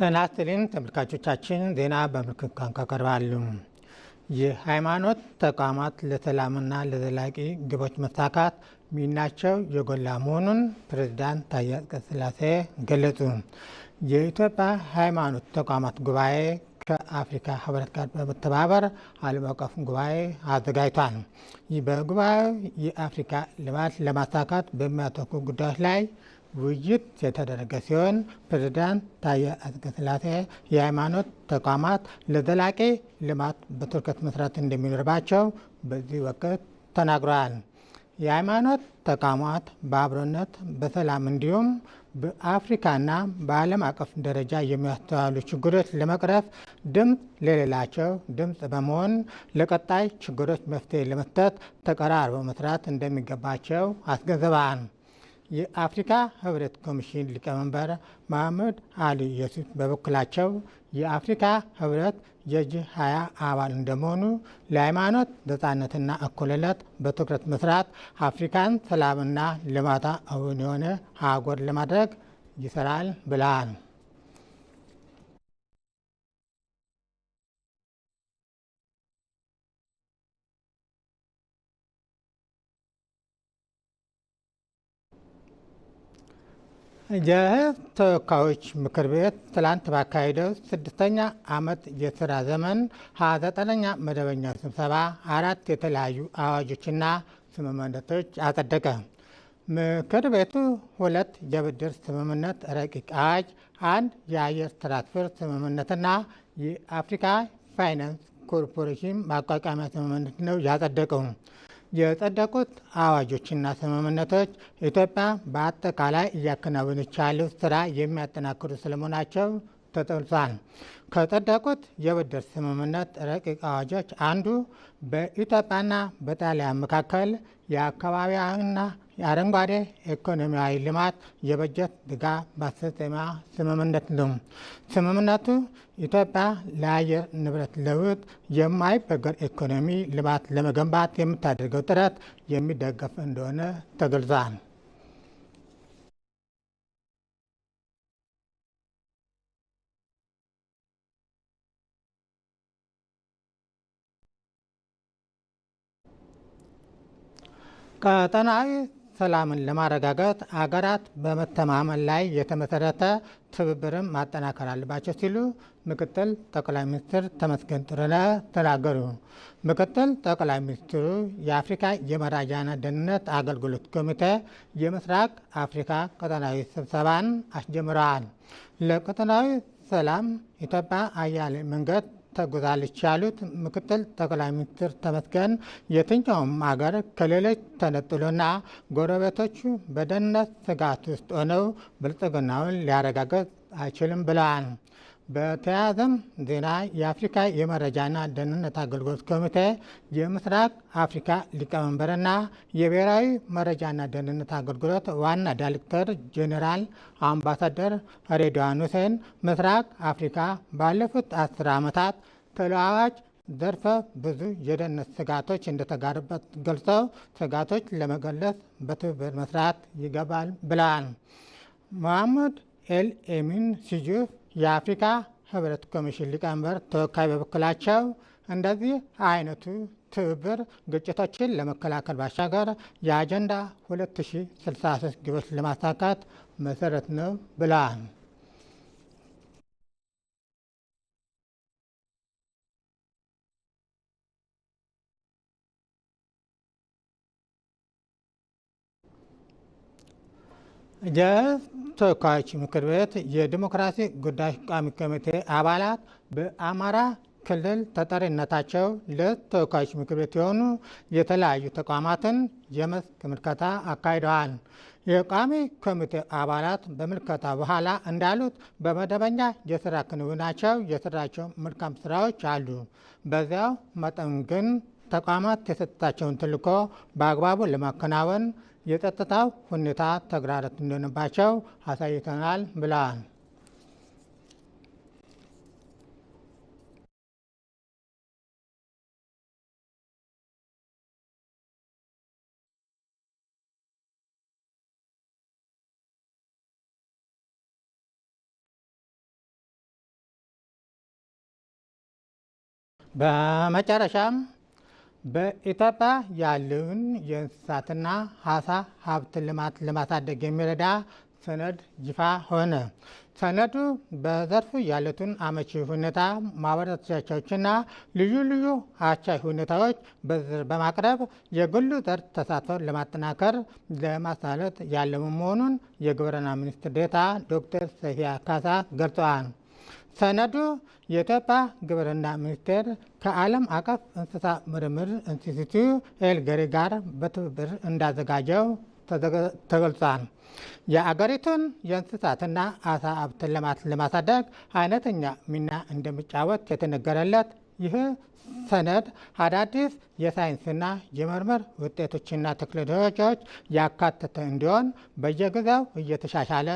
ጤና ይስጥልኝ ተመልካቾቻችን፣ ዜና በምልክት ቋንቋ ቀርባሉ። የሃይማኖት ተቋማት ለሰላምና ለዘላቂ ግቦች መሳካት ሚናቸው የጎላ መሆኑን ፕሬዝዳንት ታዬ አጽቀሥላሴ ገለጹ። የኢትዮጵያ ሃይማኖት ተቋማት ጉባኤ ከአፍሪካ ህብረት ጋር በመተባበር ዓለም አቀፍ ጉባኤ አዘጋጅቷል። በጉባኤው የአፍሪካ ልማት ለማሳካት በሚያተኩ ጉዳዮች ላይ ውይይት የተደረገ ሲሆን ፕሬዝዳንት ታየ አጽቀሥላሴ የሃይማኖት ተቋማት ለዘላቂ ልማት በትርከት መስራት እንደሚኖርባቸው በዚህ ወቅት ተናግረዋል። የሃይማኖት ተቋማት በአብሮነት በሰላም እንዲሁም በአፍሪካና በዓለም አቀፍ ደረጃ የሚያስተዋሉ ችግሮች ለመቅረፍ ድምፅ ለሌላቸው ድምፅ በመሆን ለቀጣይ ችግሮች መፍትሄ ለመስጠት ተቀራርበው መስራት እንደሚገባቸው አስገንዝበዋል። የአፍሪካ ህብረት ኮሚሽን ሊቀመንበር መሐመድ አሊ የሱፍ በበኩላቸው የአፍሪካ ህብረት የጂ ሀያ አባል እንደመሆኑ ለሃይማኖት ነጻነትና እኩልነት በትኩረት መስራት አፍሪካን ሰላምና ልማታ እውን የሆነ ሀገር ለማድረግ ይሰራል ብለዋል። የተወካዮች ምክር ቤት ትላንት ባካሄደው ስድስተኛ ዓመት የስራ ዘመን ሀያ ዘጠነኛ መደበኛ ስብሰባ አራት የተለያዩ አዋጆችና ስምምነቶች አጸደቀ። ምክር ቤቱ ሁለት የብድር ስምምነት ረቂቅ አዋጅ፣ አንድ የአየር ትራንስፖርት ስምምነትና የአፍሪካ ፋይናንስ ኮርፖሬሽን ማቋቋሚያ ስምምነት ነው ያጸደቀው። የጸደቁት አዋጆችና ስምምነቶች ኢትዮጵያ በአጠቃላይ እያከናወነች ያለው ስራ የሚያጠናክሩ ስለመሆናቸው ተጠቅሷል። ከጸደቁት የብድር ስምምነት ረቂቅ አዋጆች አንዱ በኢትዮጵያና በጣሊያን መካከል የአካባቢያዊና የአረንጓዴ ኢኮኖሚያዊ ልማት የበጀት ድጋፍ ማስፈጸሚያ ስምምነት ነው። ስምምነቱ ኢትዮጵያ ለአየር ንብረት ለውጥ የማይበገር ኢኮኖሚ ልማት ለመገንባት የምታደርገው ጥረት የሚደገፍ እንደሆነ ተገልጿል። ቀጠናዊ ሰላምን ለማረጋገጥ አገራት በመተማመን ላይ የተመሰረተ ትብብርን ማጠናከር አለባቸው ሲሉ ምክትል ጠቅላይ ሚኒስትር ተመስገን ጥሩነህ ተናገሩ። ምክትል ጠቅላይ ሚኒስትሩ የአፍሪካ የመረጃና ደህንነት አገልግሎት ኮሚቴ የምስራቅ አፍሪካ ቀጠናዊ ስብሰባን አስጀምረዋል። ለቀጠናዊ ሰላም ኢትዮጵያ አያሌ መንገድ ተጉዛለች ያሉት ምክትል ጠቅላይ ሚኒስትር ተመስገን የትኛውም አገር ከሌሎች ተነጥሎና ጎረቤቶቹ በደህንነት ስጋት ውስጥ ሆነው ብልጽግናውን ሊያረጋግጥ አይችልም ብለዋል። በተያያዘም ዜና የአፍሪካ የመረጃና ደህንነት አገልግሎት ኮሚቴ የምስራቅ አፍሪካ ሊቀመንበርና የብሔራዊ መረጃና ደህንነት አገልግሎት ዋና ዳይሬክተር ጄኔራል አምባሳደር ሬድዋን ሁሴን ምስራቅ አፍሪካ ባለፉት አስር ዓመታት ተለዋዋጭ ዘርፈ ብዙ የደህንነት ስጋቶች እንደተጋሩበት ገልጸው ስጋቶች ለመገለጽ በትብብር መስራት ይገባል ብለዋል። መሐመድ ኤል ኤሚን ሲጁፍ የአፍሪካ ህብረት ኮሚሽን ሊቀመንበር ተወካይ በበኩላቸው እንደዚህ አይነቱ ትብብር ግጭቶችን ለመከላከል ባሻገር የአጀንዳ 2063 ግቦች ለማሳካት መሰረት ነው ብለዋል። ተወካዮች ምክር ቤት የዲሞክራሲ ጉዳዮች ቋሚ ኮሚቴ አባላት በአማራ ክልል ተጠሪነታቸው ለተወካዮች ምክር ቤት የሆኑ የተለያዩ ተቋማትን የመስክ ምልከታ አካሂደዋል። የቋሚ ኮሚቴ አባላት በምልከታ በኋላ እንዳሉት በመደበኛ የስራ ክንውናቸው የስራቸው መልካም ስራዎች አሉ። በዚያው መጠን ግን ተቋማት የሰጥታቸውን ተልዕኮ በአግባቡ ለማከናወን የጸጥታው ሁኔታ ተግዳሮት እንደሆነባቸው አሳይተናል ብለዋል። በመጨረሻም በኢትዮጵያ ያለውን የእንስሳትና ሀሳ ሀብት ልማት ለማሳደግ የሚረዳ ሰነድ ይፋ ሆነ። ሰነዱ በዘርፉ ያሉትን አመቺ ሁኔታ ማበረታቻዎችና ልዩ ልዩ አቻይ ሁኔታዎች በዝርዝር በማቅረብ የግሉ ዘርፍ ተሳትፎ ለማጠናከር ለማሳለጥ ያለመ መሆኑን የግብርና ሚኒስትር ዴታ ዶክተር ሰፊያ ካሳ ገልጸዋል። ሰነዱ የኢትዮጵያ ግብርና ሚኒስቴር ከዓለም አቀፍ እንስሳ ምርምር ኢንስቲትዩት ኤልገሪ ጋር በትብብር እንዳዘጋጀው ተገልጿል። የአገሪቱን የእንስሳትና አሳ ሀብትን ልማት ለማሳደግ አይነተኛ ሚና እንደሚጫወት የተነገረለት ይህ ሰነድ አዳዲስ የሳይንስና የምርምር ውጤቶችና ቴክኖሎጂዎች ያካተተ እንዲሆን በየጊዜው እየተሻሻለ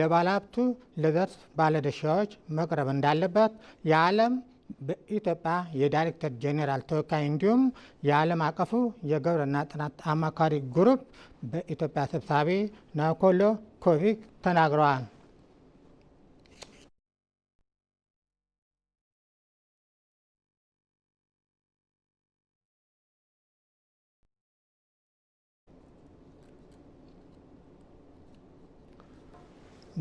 ለባለሀብቱ ለዘርፍ ባለድርሻዎች መቅረብ እንዳለበት የዓለም በኢትዮጵያ የዳይሬክተር ጄኔራል ተወካይ እንዲሁም የዓለም አቀፉ የግብርና ጥናት አማካሪ ግሩፕ በኢትዮጵያ ሰብሳቢ ናኮሎ ኮቪክ ተናግረዋል።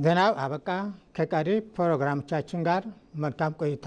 ዜናው አበቃ። ከቀሪ ፕሮግራሞቻችን ጋር መልካም ቆይታ